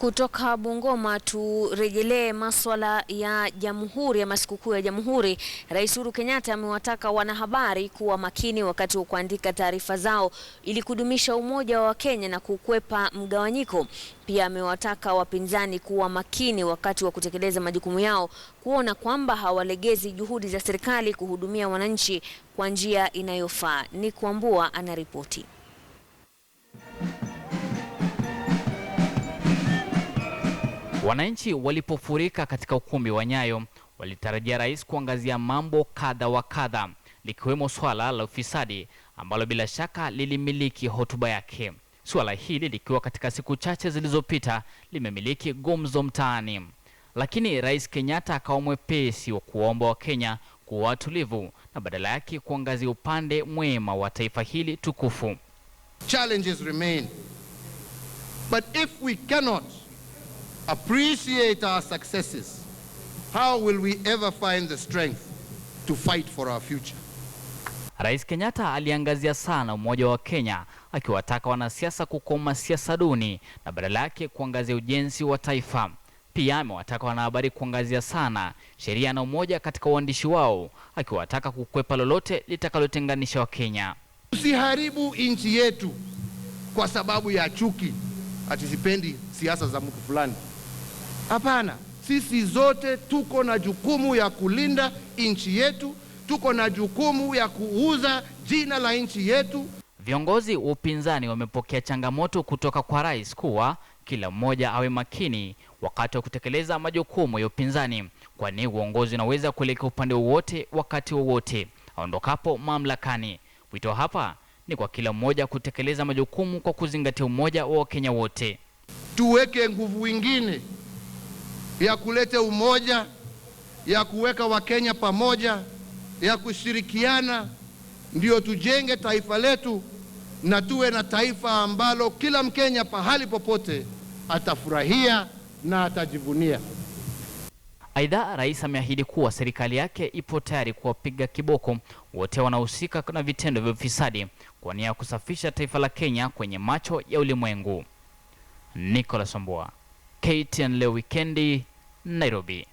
Kutoka Bungoma turejelee maswala ya Jamhuri ama sikukuu ya Jamhuri. Rais Uhuru Kenyatta amewataka wanahabari kuwa makini wakati wa kuandika taarifa zao ili kudumisha umoja wa kenya na kukwepa mgawanyiko. Pia amewataka wapinzani kuwa makini wakati wa kutekeleza majukumu yao, kuona kwamba hawalegezi juhudi za serikali kuhudumia wananchi kwa njia inayofaa. Ni kuambua anaripoti. Wananchi walipofurika katika ukumbi wa Nyayo walitarajia rais kuangazia mambo kadha wa kadha likiwemo swala la ufisadi ambalo bila shaka lilimiliki hotuba yake. Suala hili likiwa katika siku chache zilizopita limemiliki gumzo mtaani, lakini Rais Kenyatta akawa mwepesi wa kuwaomba Wakenya kuwa watulivu na badala yake kuangazia upande mwema wa taifa hili tukufu. Challenges remain. But if we cannot appreciate our successes, how will we ever find the strength to fight for our future? Rais Kenyatta aliangazia sana umoja wa Kenya akiwataka wanasiasa kukoma siasa duni na badala yake kuangazia ujenzi wa taifa. Pia amewataka wanahabari kuangazia sana sheria na umoja katika uandishi wao akiwataka kukwepa lolote litakalotenganisha Wakenya. Tusiharibu nchi yetu kwa sababu ya chuki, atisipendi siasa za mtu fulani. Hapana, sisi zote tuko na jukumu ya kulinda nchi yetu, tuko na jukumu ya kuuza jina la nchi yetu. Viongozi wa upinzani wamepokea changamoto kutoka kwa rais kuwa kila mmoja awe makini wakati wa kutekeleza majukumu ya upinzani, kwani uongozi unaweza kuelekea upande wowote wakati wowote aondokapo mamlakani. Wito hapa ni kwa kila mmoja kutekeleza majukumu kwa kuzingatia umoja wa Wakenya wote. Tuweke nguvu ingine ya kuleta umoja, ya kuweka Wakenya pamoja, ya kushirikiana, ndio tujenge taifa letu na tuwe na taifa ambalo kila Mkenya pahali popote atafurahia na atajivunia. Aidha, rais ameahidi kuwa serikali yake ipo tayari kuwapiga kiboko wote wanaohusika na vitendo vya ufisadi kwa nia ya kusafisha taifa la Kenya kwenye macho ya ulimwengu. Nicholas Omboa, KTN leo wikendi. Nairobi.